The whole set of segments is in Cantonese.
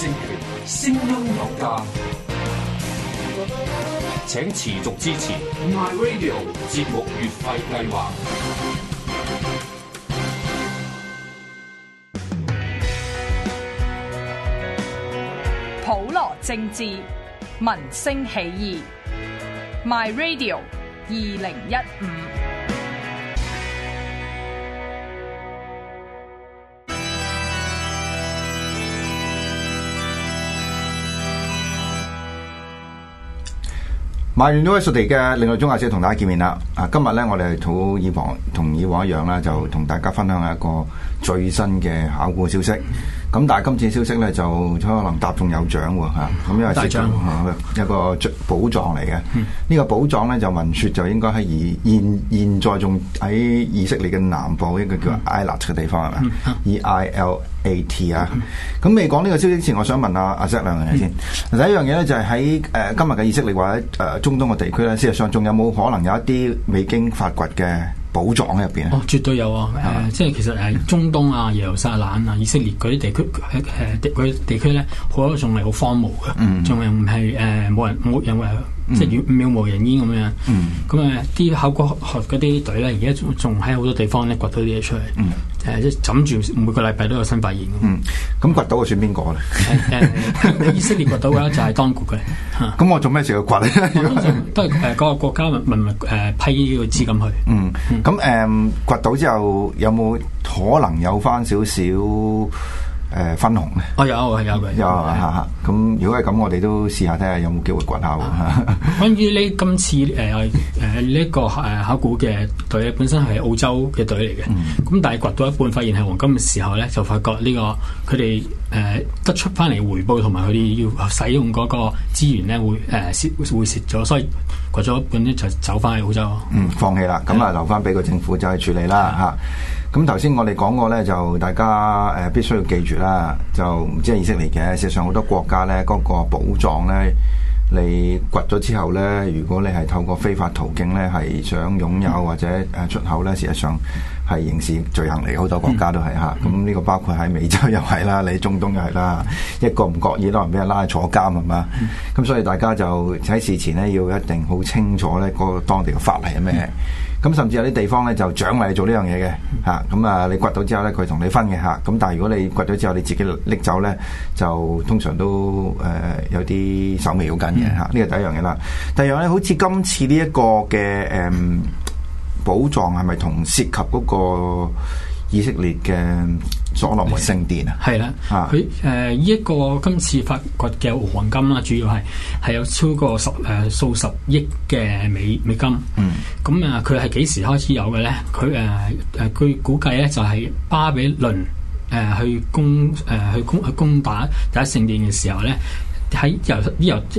政聲音有價，請持續支持 My Radio 節目月費計劃。普羅政治，民聲起義。My Radio 二零一五。My University 嘅另類宗教史同大家見面啦！啊，今日咧我哋同以往同以往一樣啦，就同大家分享一個最新嘅考古消息。咁但係今次消息咧就可能答中有獎喎吓，咁因為大獎一個寶藏嚟嘅。呢個寶藏咧就聞說就應該喺現現現在仲喺以色列嘅南部一個叫 Eilat 嘅地方係咪？E I L。AT 啊，咁、嗯、未講呢個消息之前，我想問下阿 Zeke 兩樣嘢先。嗯、第一樣嘢咧就係喺誒今日嘅以色列或者誒中東嘅地區咧，事實上仲有冇可能有一啲未經發掘嘅寶藏喺入邊啊？哦，絕對有啊！即係吧、呃、其實喺、呃、中東啊、耶路撒冷啊、以色列嗰啲地區，係誒佢地區咧，好多仲係好荒無嘅，仲係唔係誒冇人冇人為，即係渺無人煙咁樣。咁啊、嗯，啲考古學嗰啲隊咧，而家仲喺好多地方咧掘到啲嘢出嚟。嗯誒，即係枕住每個禮拜都有新發現。嗯，咁掘到嘅算邊個咧？係、哎哎、 以色列掘到嘅就係當局嘅。咁、啊嗯、我做咩事要掘咧？ 都係誒，嗰個國家文文誒批呢個資金去。嗯，咁誒掘到之後有冇可能有翻少少？誒，呃、分紅咧，我試試看看有係有嘅，有吓吓。咁如果係咁，我哋都試下睇下有冇機會掘下喎。關於呢今次誒誒呢一個誒考古嘅隊，本身係澳洲嘅隊嚟嘅，咁、mm. 但係掘到一半發現係黃金嘅時候咧，就發覺呢、這個佢哋誒得出翻嚟回報，同埋佢哋要使用嗰個資源咧會誒蝕、呃、會蝕咗，所以掘咗一半咧就走翻去澳洲。嗯，放棄啦，咁啊 Yeah. 留翻俾個政府就去處理啦吓。Yeah. 咁頭先我哋講過呢，就大家誒、呃、必須要記住啦，就唔知係意識嚟嘅。事實上好多國家呢，嗰、那個寶藏呢，你掘咗之後呢，如果你係透過非法途徑呢，係想擁有或者誒出口呢，事實上係刑事罪行嚟。好多國家都係吓，咁呢、嗯啊、個包括喺美洲又係啦，你中東又係啦，一個唔覺意都可能俾人拉去坐監咁嘛。咁、嗯、所以大家就喺事前呢，要一定好清楚呢嗰、那個當地嘅法例係咩？嗯咁甚至有啲地方咧，就獎勵做呢樣嘢嘅嚇，咁、嗯、啊你掘到之後咧，佢同你分嘅嚇，咁、啊、但係如果你掘咗之後，你自己拎走咧，就通常都誒、呃、有啲手尾好緊嘅嚇，呢個、嗯啊、第一樣嘢啦。第二樣咧，好似今次呢一個嘅誒、嗯、寶藏係咪同涉及嗰個以色列嘅？所羅門聖殿的啊，係啦，佢誒呢一個今次發掘嘅黃金啦，主要係係有超過十誒、呃、數十億嘅美美金。嗯，咁啊，佢係幾時開始有嘅咧？佢誒誒，佢、呃、估計咧就係巴比倫誒、呃、去攻誒、呃、去攻去攻打第一聖殿嘅時候咧。喺由啲猶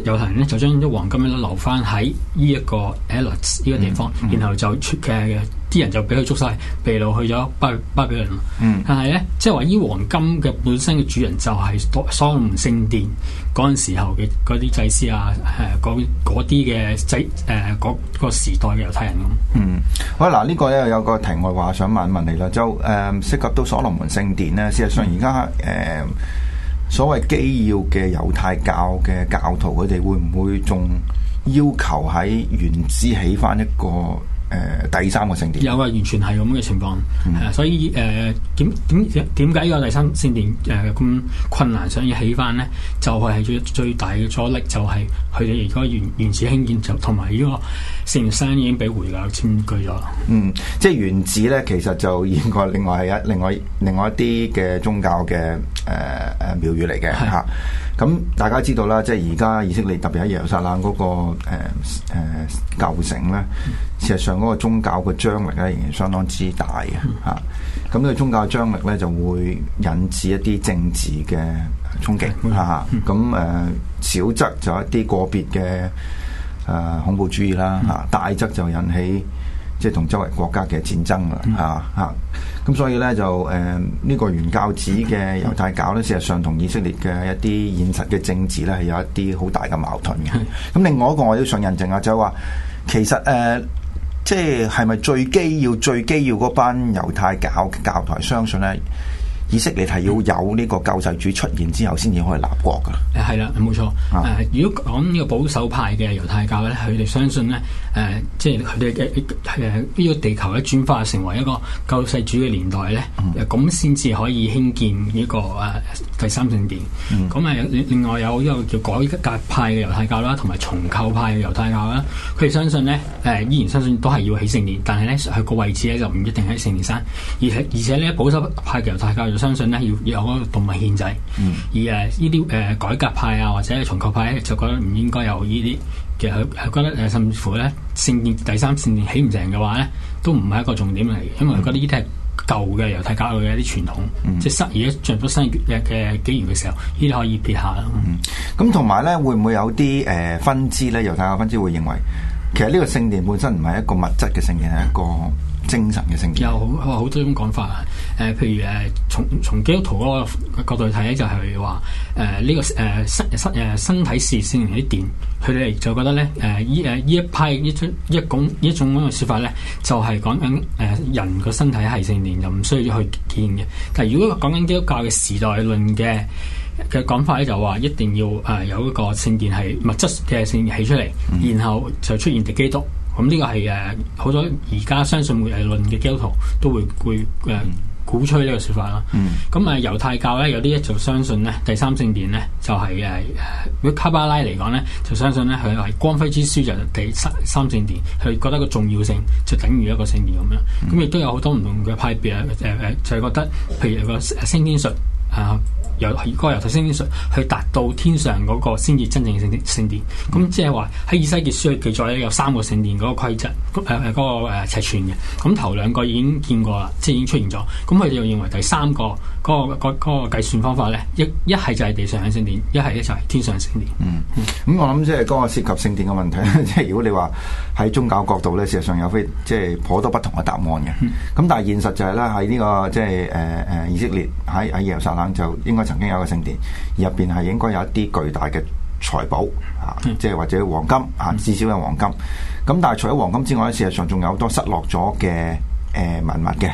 猶太人咧就將啲黃金咧留翻喺呢一個 e l e x，呢個地方，嗯嗯、然後就出嘅啲人就俾佢捉晒，被擄去咗巴比倫啦。但係咧，即係話依黃金嘅本身嘅主人就係所羅門聖殿嗰陣時候嘅嗰啲祭司啊，誒嗰啲嘅祭誒嗰個時代嘅猶太人咁。嗯，好啊，嗱呢、呢個又有個題外話想問一問你啦，就誒、呃、涉及到所羅門聖殿咧，事實上而家誒。呃呃所謂基要嘅猶太教嘅教徒，佢哋會唔會仲要求喺原址起翻一個？誒、呃、第三個聖殿有啊，完全係咁嘅情況，呃、所以誒、呃、點點點、點解呢個第三聖殿誒咁困難想要起翻咧？就係、係、最最大嘅阻力就係佢哋而家原原址興建，就同埋呢個聖山已經被回教佔據咗。嗯，即係原址咧，其實就應該另外係一另外另外一啲嘅宗教嘅誒誒廟宇嚟嘅嚇。呃呃的咁大家知道啦，即係而家以色列特別喺耶路撒冷嗰個誒誒舊城咧，事、呃呃、實上嗰個宗教嘅張力咧仍然相當之大嘅吓。咁、啊、呢個宗教嘅張力咧就會引致一啲政治嘅衝擊吓。咁、啊、誒、呃，小則就一啲個別嘅誒恐怖主義啦吓、啊，大則就引起即係同周圍國家嘅戰爭啦吓吓。啊啊咁所以咧就誒呢、呃這個原教旨嘅猶太教咧，事實上同以色列嘅一啲現實嘅政治咧係有一啲好大嘅矛盾嘅。咁 另外一個我都想印證下，就係話其實誒、呃、即係係咪最基要、最基要嗰班猶太教教徒相信咧，以色列係要有呢個救世主出現之後先至可以立國噶。誒係啦，冇錯。啊、如果講呢個保守派嘅猶太教咧，佢哋相信咧。誒、呃，即係佢哋誒係誒，邊、呃、個地球咧轉化成為一個救世主嘅年代咧？誒、嗯，咁先至可以興建呢個誒、呃、第三聖殿。咁誒、嗯，另外有呢個叫改革派嘅猶太教啦，同埋重構派嘅猶太教啦，佢哋相信咧，誒、呃、依然相信都係要起聖殿，但係咧佢個位置咧就唔一定喺聖殿山。而且而且咧保守派嘅猶太教就相信咧要，要有嗰個動物獻祭，嗯、而誒呢啲誒改革派啊或者重構派咧就覺得唔應該有呢啲。其實佢覺得誒，甚至乎咧，聖殿第三聖殿起唔成嘅話咧，都唔係一個重點嚟嘅，因為覺得呢啲係舊嘅猶太教嘅一啲傳統，嗯、即係失咗、而家進入咗新嘅紀元嘅時候，呢啲可以撇下咯。咁同埋咧，會唔會有啲誒、呃、分支咧？猶太教分支會認為，其實呢個聖殿本身唔係一個物質嘅聖殿，係一個精神嘅聖殿，有好，好多種講法啊！誒、呃，譬如誒、呃，從從基督徒嗰個角度睇咧，就係話誒呢個誒失誒失誒身體視線嗰啲電，佢哋就覺得咧誒依誒依一批依出一講一種嗰個説法咧，就係講緊誒人個身體係聖殿，就唔需要去見嘅。但係如果講緊基督教嘅時代論嘅嘅講法咧，就話一定要誒有一個聖殿係物質嘅聖殿起出嚟，然後就出現敵基督。嗯咁呢個係誒好多而家相信末日論嘅基督徒都會會誒、呃、鼓吹呢個説法啦。咁啊猶太教咧有啲就相信咧第三聖殿咧就係、是、誒，如、呃、果卡巴拉嚟講咧就相信咧佢係光輝之書就第三三聖殿，佢覺得個重要性就等於一個聖殿咁樣。咁亦、嗯、都有好多唔同嘅派別誒誒，就係、是、覺得譬如個升天術。啊，由嗰由頭升上去達到天上嗰個，先至真正嘅聖聖殿。咁即係話喺以西結書記載咧，有三個聖殿嗰個規則，誒、呃、嗰、嗰個尺寸嘅。咁、嗯、頭兩個已經見過啦，即係已經出現咗。咁佢哋又認為第三個嗰、嗰個嗰、嗰個、計算方法咧，一一係就係地上嘅聖殿，一係咧就係天上嘅聖殿。嗯，咁我諗即係嗰個涉及聖殿嘅問題，即係 如果你話喺宗教角度咧，事實上有非即係好多不同嘅答案嘅。咁、嗯、但係現實就係咧、呢個，喺呢個即係誒誒以色列喺喺耶路撒冷。就應該曾經有一個聖殿，入邊係應該有一啲巨大嘅財寶，啊，即係或者黃金，啊，至少有黃金。咁、啊、但係除咗黃金之外，事實上仲有好多失落咗嘅誒文物嘅，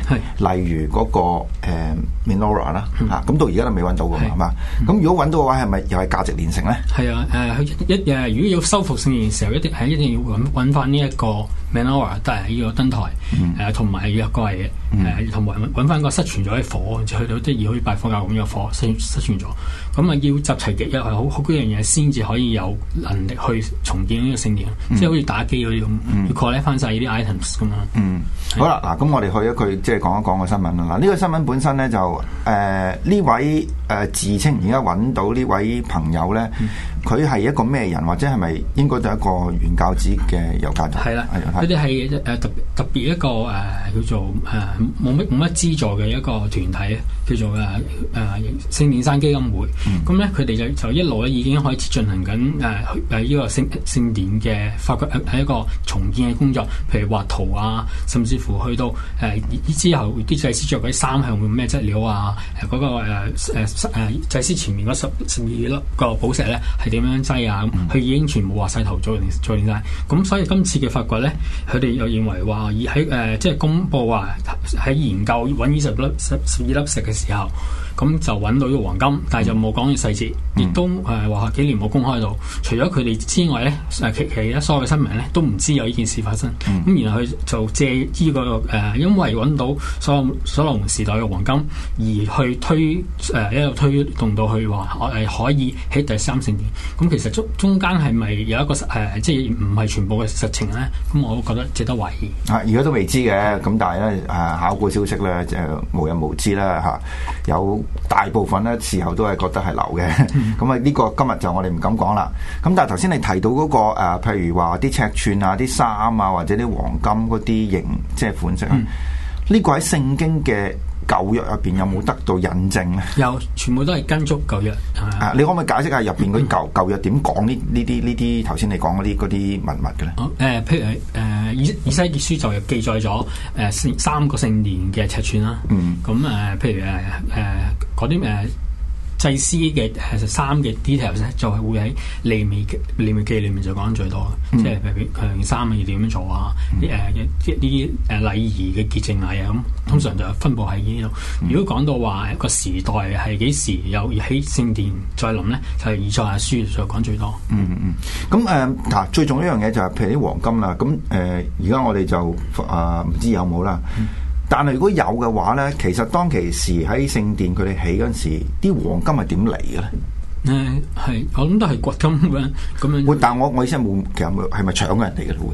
例如嗰、個、呃 Minora 啦嚇，咁到而家都未揾到㗎嘛，係嘛？咁如果揾到嘅話，係咪又係價值連城咧？係啊，誒，一誒，如果要修復聖殿嘅時候，一定係一定要揾揾翻呢一個 Minora 得嚟要燈台，同埋要一個係嘅，同埋揾翻個失傳咗嘅火，去到即係好似拜火教咁嘅火失失傳咗，咁啊要集齊幾又係好好幾樣嘢先至可以有能力去重建呢個聖殿，即係好似打機嗰啲咁要 collect 翻曬啲 items 咁啊。嗯，好啦，嗱，咁我哋去咗佢，即係講一講個新聞啦。嗱，呢個新聞本身咧就～誒，呢、呃、位誒、呃、自稱而家揾到呢位朋友咧。嗯佢係一個咩人，或者係咪應該都係一個原教旨嘅猶教徒，係啦，佢哋係誒特特別一個誒叫做誒冇乜冇乜資助嘅一個團體叫做誒誒聖殿山基金會。咁咧，佢哋就就一路咧已經開始進行緊誒誒呢個聖聖典嘅發掘係一個重建嘅工作，譬如畫圖啊，甚至乎去到誒之後啲祭師著嗰啲衫係會咩質料啊，嗰、那個誒誒祭師前面嗰十十二粒個寶石咧係。咁樣劑啊，佢已經全部話曬頭做做曬，咁所以今次嘅發掘咧，佢哋又認為話以喺誒、呃、即係公佈話喺研究揾二十粒十二粒石嘅時候。咁、嗯、就揾到呢啲黃金，但係就冇講嘅細節，亦都誒話、呃、幾年冇公開到。除咗佢哋之外咧，其其他所有嘅新聞咧都唔知有呢件事發生。咁、嗯、然後佢就借呢、這個誒、呃，因為揾到所所羅門時代嘅黃金，而去推誒一路推動到去話誒可以喺第三聖殿。咁、嗯、其實中中間係咪有一個誒、呃、即係唔係全部嘅實情咧？咁、嗯、我覺得值得懷疑啊。啊，而家都未知嘅，咁但係咧誒考古消息咧就、啊、無人無知啦嚇、啊，有。大部分咧時候都係覺得係流嘅，咁啊呢個今日就我哋唔敢講啦。咁但係頭先你提到嗰、那個誒、呃，譬如話啲尺寸啊、啲衫啊，或者啲黃金嗰啲型即係款式啊，呢、嗯、個喺聖經嘅。舊約入邊有冇得到印證咧？有， 全部都係跟足舊約。 啊，你可唔可以解釋下入邊嗰啲舊舊約點講呢？呢啲呢啲頭先你講嗰啲啲文物嘅咧？誒、呃，譬如誒、呃，以以西結書就記載咗誒三三個聖殿嘅尺寸啦。啊、嗯。咁誒、啊，譬如誒誒嗰啲誒。呃祭司嘅誒衫嘅 detail 咧，就係會喺利未記、利未記裏面就講最多、嗯、即係譬如佢三衫要點樣做啊？誒一啲啲誒禮儀嘅潔淨禮啊咁，嗯嗯、通常就分佈喺呢度。嗯、如果講到話個時代係幾時又喺聖殿再臨咧，就以西結書就講最多。嗯嗯，咁誒嗱，uh, 最重要一樣嘢就係譬如啲黃金啦。咁誒，而、uh, 家我哋就啊唔、uh, 知有冇啦。嗯但係如果有嘅話咧，其實當其時喺聖殿佢哋起嗰陣時，啲黃金係點嚟嘅咧？誒、嗯，係，我諗都係掘金嘅咁樣，但我，會，但係我我意思係冇，其實係咪搶人哋嘅咯？會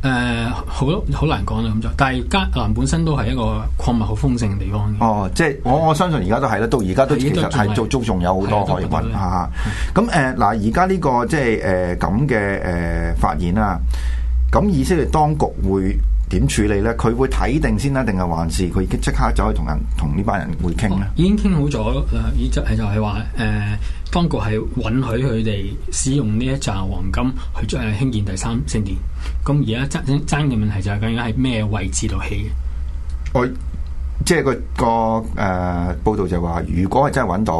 誒、呃，好咯，好難講啦咁就。但係迦南本身都係一個礦物好豐盛嘅地方。哦，即係是我我相信而家都係啦，到而家都其實係都足，仲有好多可以搵下。咁誒、嗯，嗱、嗯，而家呢個即係誒咁嘅誒發現啦，咁意思係當局會。點處理咧？佢會睇定先啦、啊，定係還是佢即刻走去同人同呢班人會傾咧、哦？已經傾好咗，誒、呃，以就係就係話誒，當局係允許佢哋使用呢一紮黃金去進行、啊、興建第三聖殿。咁而家爭爭嘅問題就係究竟喺咩位置度起嘅？我、哎。即係、那個個誒、呃、報道就話，如果係真係揾到，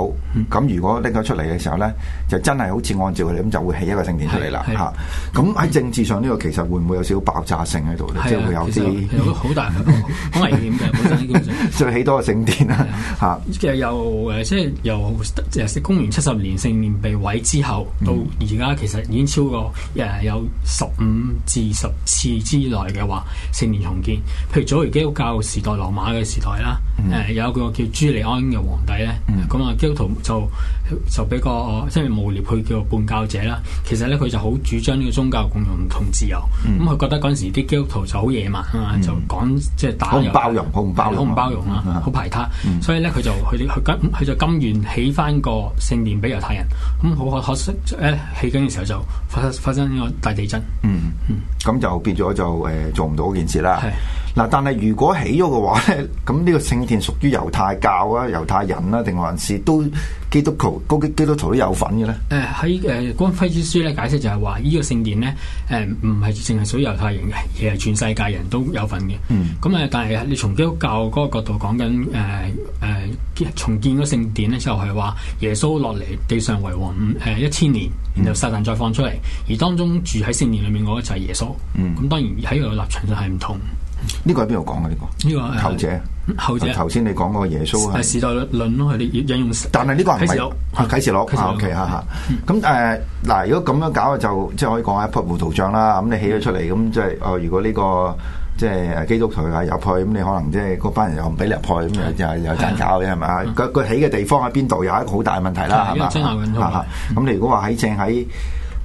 咁如果拎咗出嚟嘅時候咧，就真係好似按照佢哋咁就會起一個聖殿出嚟啦，嚇。咁喺、啊、政治上呢個其實會唔會有少少爆炸性喺度咧？啊、即係會有啲好大好 危險嘅，冇錯最起多個聖殿啦，嚇、啊。啊、其實又誒、呃，即係由,由公元七十年聖殿被毀之後，嗯、到而家其實已經超過誒有十五至十,十,十次之內嘅話聖殿重建。譬如早期基督教時代、羅馬嘅時代。啦，誒有個叫朱利安嘅皇帝咧，咁啊基督徒就就俾個即係污蔑佢叫叛教者啦。其實咧佢就好主張呢個宗教共融同自由，咁佢覺得嗰陣時啲基督徒就好野蠻啊，就講即係打包容，好唔包容，好唔包容啦，好排他，所以咧佢就佢佢佢就甘願起翻個聖殿俾猶太人，咁好可惜誒起緊嘅時候就發發生個大地震，嗯，咁就變咗就誒做唔到件事啦。嗱，但係如果起咗嘅話咧，咁、嗯、呢個聖殿屬於猶太教啊、猶太人啊，定還是都基督徒、高基督徒都有份嘅咧？誒、呃，喺誒光輝之書咧解釋就係話，這個、聖呢個聖殿咧誒唔係淨係屬於猶太人嘅，其實全世界人都有份嘅。嗯。咁啊、嗯，但係你從基督教嗰個角度講緊誒誒重建嗰聖殿咧，就係話耶穌落嚟地上為王誒、呃、一千年，然後撒旦再放出嚟，嗯、而當中住喺聖殿裏面嗰就係耶穌。嗯。咁當然喺個立場上係唔同。呢個係邊度講啊？呢個呢個後者，後者頭先你講嗰個耶穌啊，係時代論咯，佢哋引用。但係呢個唔係啟示錄啊，吓吓吓。咁誒嗱，如果咁樣搞就即係可以講係一幅糊塗賬啦。咁你起咗出嚟，咁即係哦。如果呢個即係基督徒啊入去，咁你可能即係嗰班人又唔俾你入去，咁又又又難搞嘅係咪啊？佢佢起嘅地方喺邊度，有一個好大嘅問題啦，係嘛吓。咁你如果話喺正喺。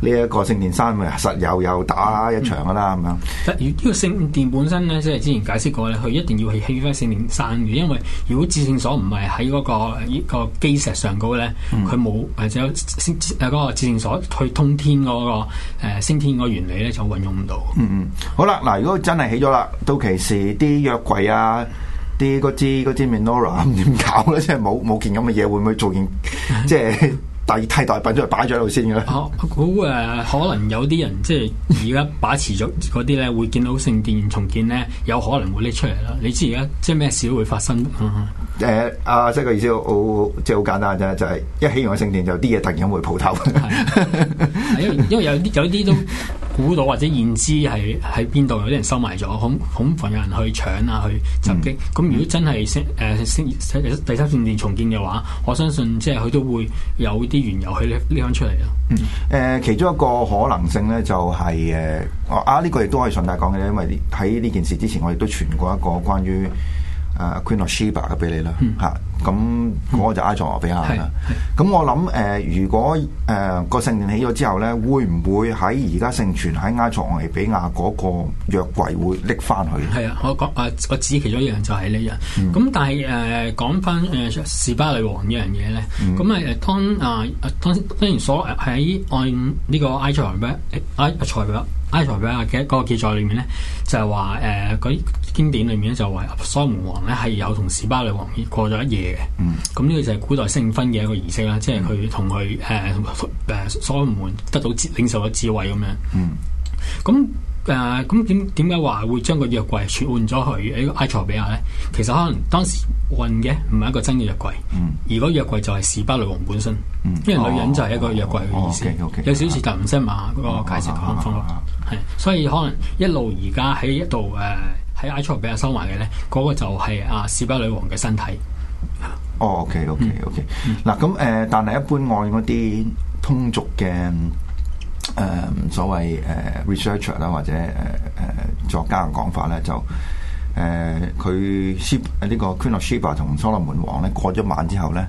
呢一個聖殿山咪實又又打一場噶啦，咁樣、嗯。實如呢個聖殿本身咧，即係之前解釋過咧，佢一定要去起翻聖殿山嘅，因為如果至聖所唔係喺嗰個依基石上高咧，佢冇、嗯、或者嗰個至聖所去通天嗰、嗰個升、呃、天個原理咧，就運用唔到。嗯嗯，好啦，嗱，如果真係起咗啦，到其時啲約櫃啊，啲嗰支嗰支 Menorah 點搞咧？即係冇冇件咁嘅嘢，會唔會做件即係？ 第替代品都係擺咗喺度先嘅，好誒、呃，可能有啲人即係而家把持咗嗰啲咧， 會見到聖殿重建咧，有可能會拎出嚟啦。你知而家即係咩事都會發生。誒、嗯，阿、呃啊、即係個意思，即係好簡單啫，就係、是、一起用嘅聖殿，就啲嘢突然間會鋪頭、啊 因，因為有啲有啲都估到或者現知係喺邊度有啲人收埋咗，恐恐怕有人去搶啊去襲擊。咁、嗯、如果真係誒、呃、第三聖殿重建嘅話，我相信即係佢都會有。啲原游係呢拎翻出嚟啊，嗯，誒，其中一個可能性咧，就係、是、誒，啊，呢、這個亦都可以順帶講嘅，因為喺呢件事之前，我亦都傳過一個關於。誒、uh，Queen of Sheba 嘅俾你啦，嚇、uh, uh, uh，咁嗰個就埃塞俄比亞啦。咁我諗誒，如果誒個聖殿起咗之後咧，會唔會喺而家盛傳喺埃塞俄比亞嗰個約櫃會拎翻去咧？係啊，我講誒，我指其中一樣就係呢樣。咁但係誒，講翻誒，士巴利王呢樣嘢咧，咁誒，當誒，當當然所喺外呢個埃塞俄比埃埃塞俄比亞。《埃塞俄比亞》啊，嘅一個記載裏面咧，就係話誒，嗰、呃、啲經典裏面咧，就話所門王咧係有同史巴里王過咗一夜嘅。嗯。咁呢個就係古代聖婚嘅一個儀式啦，即係佢同佢誒誒所門得到智領受咗智慧咁樣。嗯。咁。誒，咁點點解話會將個約櫃換咗去埃埃塞俄比亞咧？其實可能當時運嘅唔係一個真嘅約櫃，嗯、而個約櫃就係示巴女王本身，嗯、哦、因為女人就係一個約櫃嘅意思。哦哦、okay, okay, 有少少，但唔識嘛，嗰個解釋唔清楚。係，所以可能一路而家喺一度誒，喺、呃、埃塞俄比亞收埋嘅咧，嗰、嗰個就係阿示巴女王嘅身體。啊、哦，OK，OK，OK。嗱，咁誒，但係一般愛嗰啲通俗嘅。誒，所謂誒 researcher 啦，或者誒誒作家嘅講法咧，就誒佢 Sheba 呢個 Queen of Sheba 同所羅門王咧過咗晚之後咧，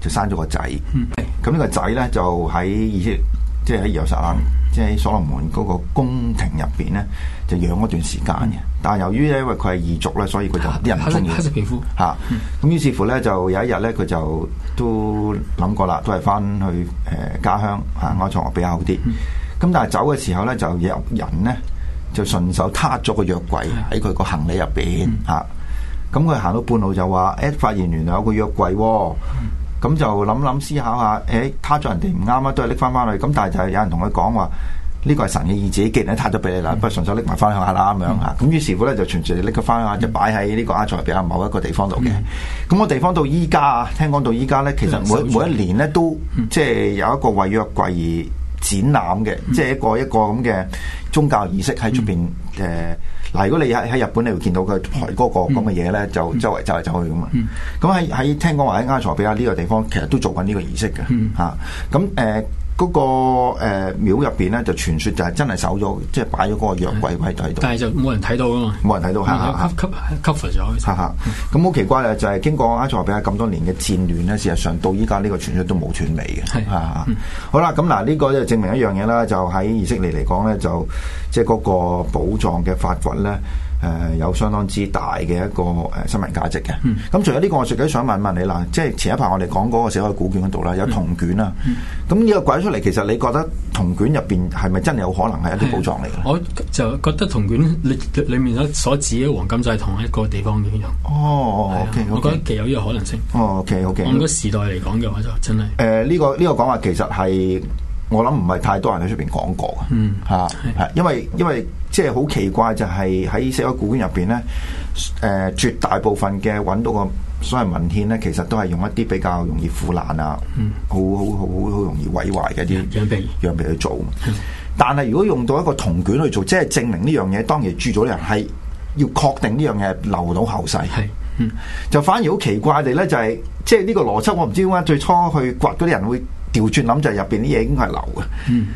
就生咗個仔。咁 m、嗯、呢個仔咧就喺而且即係喺耶路撒冷，即係喺所羅門嗰個宮廷入邊咧，就養一段時間嘅。但係由於咧，因為佢係異族咧，所以佢就啲人唔中意。黑色皮膚嚇，咁於是乎咧，啊、就有一日咧，佢就都諗過啦，都係翻去誒家鄉嚇安坐比較好啲。咁但係走嘅時候咧，就有人咧就順手撻咗個約櫃喺佢個行李入邊吓。咁佢行到半路就話，誒，發現原來有個約櫃，咁就諗諗思考下，誒，撻咗人哋唔啱啊，都係拎翻翻去。咁但係就係有人同佢講話，呢個係神嘅意志，既然撻咗俾你啦，不如順手拎埋翻去下啦咁樣吓。咁於是乎咧，就存住搦翻下，就擺喺呢個阿藏入邊某一個地方度嘅。咁個地方到依家啊，聽講到依家咧，其實每每一年咧都即係有一個為約櫃展覽嘅，即係一個一個咁嘅宗教儀式喺出邊。誒嗱，如果你喺喺日本，你會見到佢抬嗰個咁嘅嘢咧，就、嗯、周圍走嚟走去咁嘛。咁喺喺聽講話喺埃塞比亞呢個地方，其實都做緊呢個儀式嘅嚇。咁誒、嗯。啊嗰、那個誒、呃、廟入邊咧，就傳說就係真係守咗，即、就、係、是、擺咗嗰個藥櫃喺度。但係就冇人睇到啊嘛，冇人睇到嚇嚇咗。咁好奇怪啊！就係、是、經過阿塞拜疆咁多年嘅戰亂咧，事實上到依家呢個傳說都冇斷尾嘅嚇嚇。好啦，咁嗱，呢個就證明一樣嘢啦，就喺以色列嚟講咧，就即係嗰個寶藏嘅發掘咧。誒、呃、有相當之大嘅一個誒新聞價值嘅。咁除咗呢個，我仲想問問你啦，即係前一排我哋講嗰個死海古卷嗰度啦，有銅卷啦。咁、嗯、呢個掛出嚟，其實你覺得銅卷入邊係咪真係有可能係一啲寶藏嚟嘅？我就覺得銅卷裏裏面所指嘅黃金就係同一個地方嘅一樣。哦的 okay, okay, 我覺得幾有呢個可能性。哦，OK，OK。按個時代嚟講嘅話就真係。誒、呃，呢、這個呢、這個講話其實係。我諗唔係太多人喺出邊講過嘅，吓，係，因為因為即係好奇怪就係喺死海古卷入邊咧，誒、呃，絕大部分嘅搵到個所謂文獻咧，其實都係用一啲比較容易腐爛啊，嗯，好好好好容易毀壞嘅一啲羊皮羊皮去做。嗯、但係如果用到一個銅卷去做，即係證明呢樣嘢，當然鑄咗嘅人係要確定呢樣嘢留到後世。係、嗯，嗯，就反而好奇怪地、就、咧、是，就係即係呢個邏輯，我唔知點解最初去掘嗰啲人會。調轉諗就係入邊啲嘢，應該係流嘅。嗯、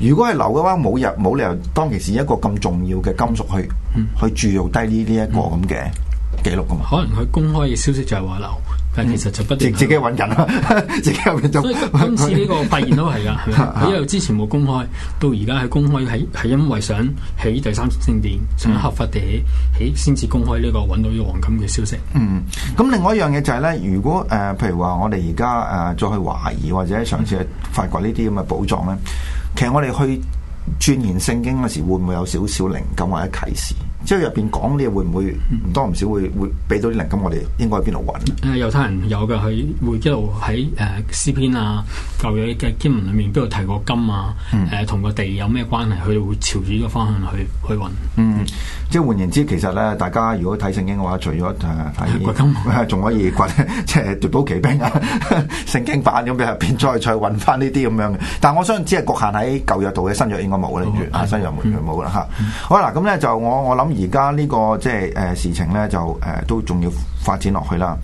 如果係流嘅話，冇入冇理由當其時一個咁重要嘅金屬去、嗯、去注入低呢呢一個咁嘅記錄㗎嘛？嗯嗯嗯嗯、可能佢公開嘅消息就係話流。但其實就不自自己揾人，啦 以，自 今次呢個發現都係噶，因為 之前冇公開，到而家係公開，係係因為想起第三聖殿，想合法地起先至公開呢、這個揾到啲黃金嘅消息。嗯，咁另外一樣嘢就係、是、咧，如果誒、呃，譬如話我哋而家誒再去懷疑或者嘗試去發掘呢啲咁嘅寶藏咧，嗯、其實我哋去鑽研聖經嗰時，會唔會有少少靈感或者啟示？即係入邊講啲嘢會唔會唔多唔少會會俾到啲靈感？我哋應該喺邊度搵？誒，猶太人有嘅，佢會一路喺誒詩篇啊舊約嘅經文裏面，邊度提過金啊？誒，同個地有咩關係？佢會朝住呢個方向去去搵。嗯，即係換言之，其實咧，大家如果睇聖經嘅話，除咗睇掘金，仲可以掘即係奪寶奇兵啊，聖經版咁樣入邊再再搵翻呢啲咁樣嘅。但係我相信只係局限喺舊約度嘅，新約應該冇啦，啊，新約冇啦吓。好啦，咁咧就我我諗。而家呢個即係誒事情咧，就誒、呃、都仲要發展落去啦。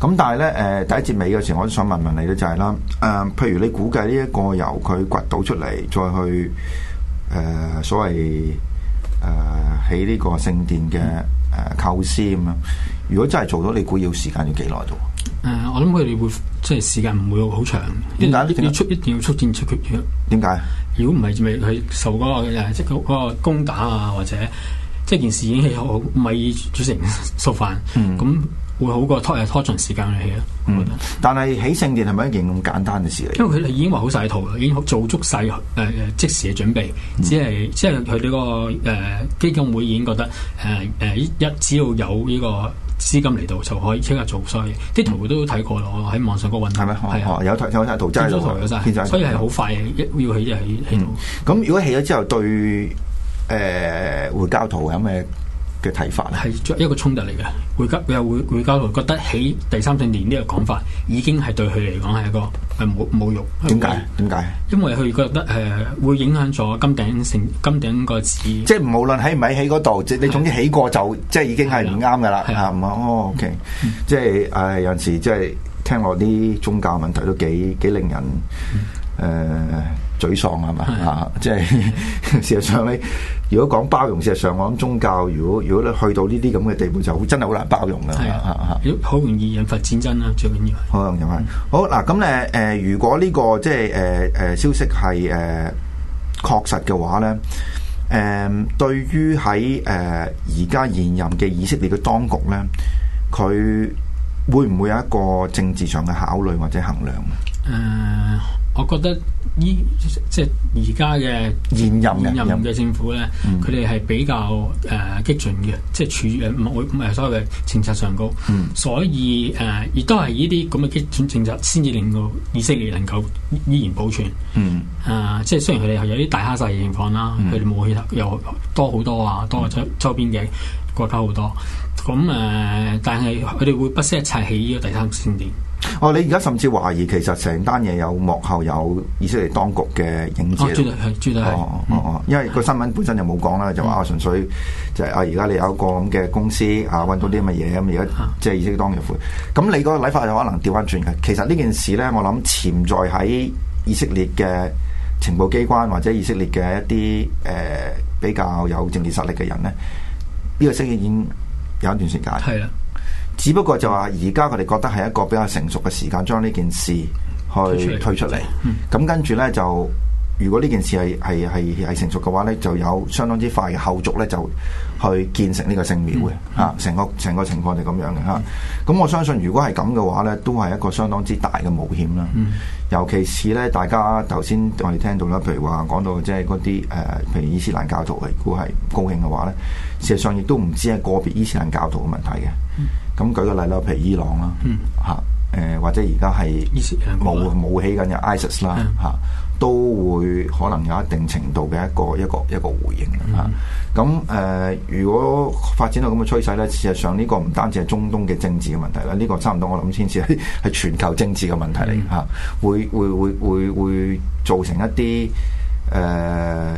咁但係咧誒第一節尾嘅時候，我都想問問你咧、就係，就係啦誒，譬如你估計呢一個由佢掘到出嚟，再去誒、呃、所謂誒起呢個聖殿嘅誒、呃、構思咁樣，如果真係做到，你估要時間要幾耐到？誒、呃，我諗佢哋會即係時間唔會好長。點解？要出一定要出戰出決決？點解何？如果唔係未佢受嗰、嗰個即係攻打啊，或者？即件事已經係好米煮成熟飯，咁、 嗯、會好過拖拖長時間去起。咯、嗯。但係起聖殿係咪一件咁簡單嘅事咧？因為佢哋已經畫好晒圖，已經做足晒誒誒即時嘅準備，只係即係佢哋個誒、呃、基金會已經覺得誒誒、呃、一只要有呢個資金嚟到，就可以即刻做。所以啲圖都睇過咯，喺網上嗰運。係咪？係啊，有有晒圖，真係有晒。所以係好快，一要起就起。咁、呃嗯嗯嗯、如果起咗之後對？誒、呃，回教徒有咩嘅睇法咧？係一個衝突嚟嘅，回教佢係回回教徒，覺得起第三聖年呢個講法，已經係對佢嚟講係一個係冒侮辱。點解？點解？因為佢覺得誒、呃、會影響咗金頂聖金頂個字。即係無論喺唔喺嗰度，即係的你總之起過就即係已經係唔啱噶啦。係啊，唔啱。哦，O、okay, K，、嗯、即係誒、呃、有陣時即係聽落啲宗教問題都幾幾令人誒。嗯嗯沮喪係嘛？吓，即係的的 事實上你，你如果講包容，事實上我諗宗教如，如果如果你去到呢啲咁嘅地步，就真係好難包容噶，吓吓，好容易引發戰爭啦，最緊要。好容易係，嗯、好嗱咁咧，誒、呃，如果呢、這個即係誒誒，消息係誒確實嘅話咧，誒、呃，對於喺誒而家現任嘅以色列嘅當局咧，佢會唔會有一個政治上嘅考慮或者衡量？誒、呃，我覺得。依即係而家嘅現任任嘅政府咧，佢哋係比較誒、呃、激進嘅，即係處誒唔所謂嘅政策上高，嗯、所以誒亦、呃、都係呢啲咁嘅激進政策先至令到以色列能夠依然保存。誒、嗯呃、即係雖然佢哋有啲大蝦晒嘅情況啦，佢哋武器又多好多啊，多咗周邊嘅國家好多。咁誒、嗯呃，但係佢哋會不惜一切起呢個第三聖殿。哦，你而家甚至懷疑其實成單嘢有幕後有以色列當局嘅影子。因為個新聞本身就冇講啦，嗯、就話純粹就係、係、啊，而家你有一個咁嘅公司啊，搵到啲乜嘢咁而家即係以色列當局。咁你個睇法就可能調翻轉嘅。其實呢件事咧，我諗潛在喺以色列嘅情報機關或者以色列嘅一啲誒、呃、比較有政治實力嘅人咧，呢、呢個星期已經有一段時間。係啦。只不過就話而家佢哋覺得係一個比較成熟嘅時間，將呢件事去推出嚟。咁、嗯、跟住呢，就，如果呢件事係係成熟嘅話呢，就有相當之快嘅後續呢，就去建成呢個聖廟嘅。啊、嗯，成、嗯、個成個情況就咁樣嘅吓。咁、嗯、我相信，如果係咁嘅話呢，都係一個相當之大嘅冒險啦。嗯、尤其是呢，大家頭先我哋聽到啦，譬如話講到即係嗰啲誒，譬如伊斯蘭教徒嚟，佢係唔高興嘅話呢，事實上亦都唔止係個別伊斯蘭教徒嘅問題嘅。嗯咁舉個例啦，譬如伊朗啦，嚇，誒或者而家係冇冇起緊嘅 ISIS 啦，嚇，都會可能有一定程度嘅一個一個一個回應嘅嚇。咁誒，啊嗯嗯、如果發展到咁嘅趨勢咧，事實上呢個唔單止係中東嘅政治嘅問題啦，呢、呢個差唔多我諗先至係全球政治嘅問題嚟嚇、啊，會會會會會造成一啲誒。呃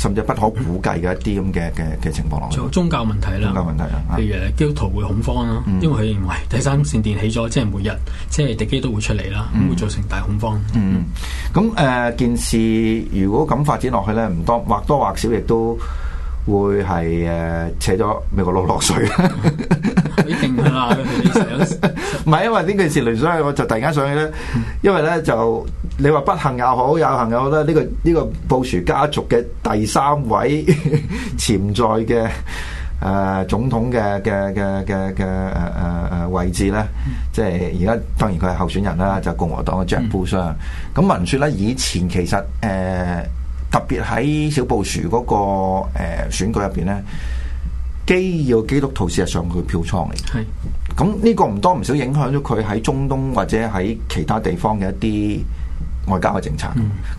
甚至不可估計嘅一啲咁嘅嘅嘅情況落，仲有宗教問題啦，宗教問題啊，譬如基督徒會恐慌啦、啊，嗯、因為佢認為第三聖殿起咗，即、就、係、是、每日即係敵基都會出嚟啦，咁、嗯、會造成大恐慌。嗯，咁、嗯、誒、呃、件事如果咁發展落去咧，唔多或多或少亦都會係誒、呃、扯咗美國佬落水 。唔係因為呢件事嚟，所以我，我就突然間上去咧，因為咧就。你話不幸又好，有幸又好啦。呢、這個呢、這個布殊家族嘅第三位潛 在嘅誒、呃、總統嘅嘅嘅嘅嘅誒誒誒位置咧，即係而家當然佢係候選人啦，就是、共和黨嘅 Jeb Bush。咁聞説咧，以前其實誒、呃、特別喺小布殊嗰、那個誒、呃、選舉入邊咧，基要基督徒事實上佢票倉嚟。係咁呢個唔多唔少影響咗佢喺中東或者喺其他地方嘅一啲。外交嘅政策，咁、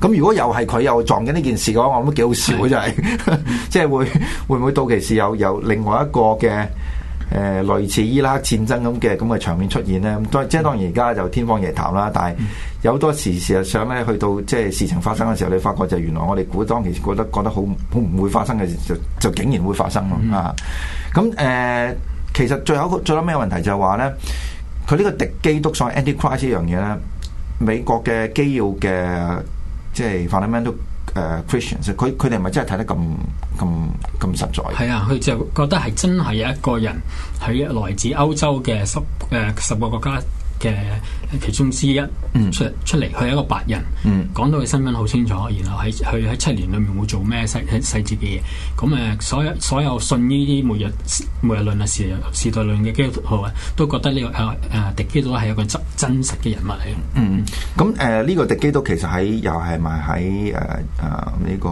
嗯、如果又係佢又撞緊呢件事嘅話，我諗都幾好笑就係即係會會唔會到期時有有另外一個嘅誒、呃、類似伊拉克戰爭咁嘅咁嘅場面出現呢？嗯、即係當然而家就天方夜譚啦。但係有好多時事實上咧，去到即係事情發生嘅時候，你發覺就原來我哋當其時覺得覺得好好唔會發生嘅事，就就竟然會發生、嗯、啊！咁誒，其實最後一個最有咩問題就係話咧，佢呢個敵基督所 Antichrist 呢樣嘢咧。美國嘅基要嘅即係 fundamental 誒 Christians，佢佢哋係咪真係睇得咁咁咁實在？係啊，佢就覺得係真係有一個人喺來自歐洲嘅十誒、呃、十個國家。嘅其中之一，出出嚟佢係一個白人，講到佢新聞好清楚，然後喺佢喺七年裏面會做咩細細節嘅嘢，咁誒所有所有信呢啲《末日末日論》啊，《時代論》嘅基督徒啊，都覺得呢個誒誒敵基督係一個真真實嘅人物嚟。嗯，咁誒呢個敵基督其實喺又係咪喺誒誒呢個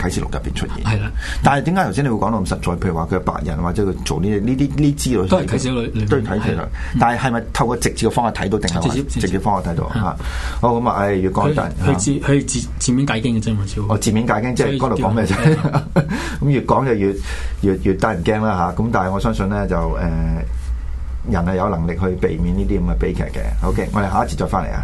啟示錄入邊出現？係啦的，但係點解頭先你會講到咁實在？譬如話佢係白人，或者佢做呢啲呢啲呢啲資料，都係啟示錄，都係啟但係係咪透過直接幫我睇到定係直接直接幫我睇到啊。好，咁啊，唉，越講得，佢佢自字面解經嘅啫嘛，主要。哦，字面解經即係嗰度講咩啫？咁越講就越越越得人驚啦吓！咁但係我相信咧就誒，人係有能力去避免呢啲咁嘅悲劇嘅。OK，我哋下一節再翻嚟啊。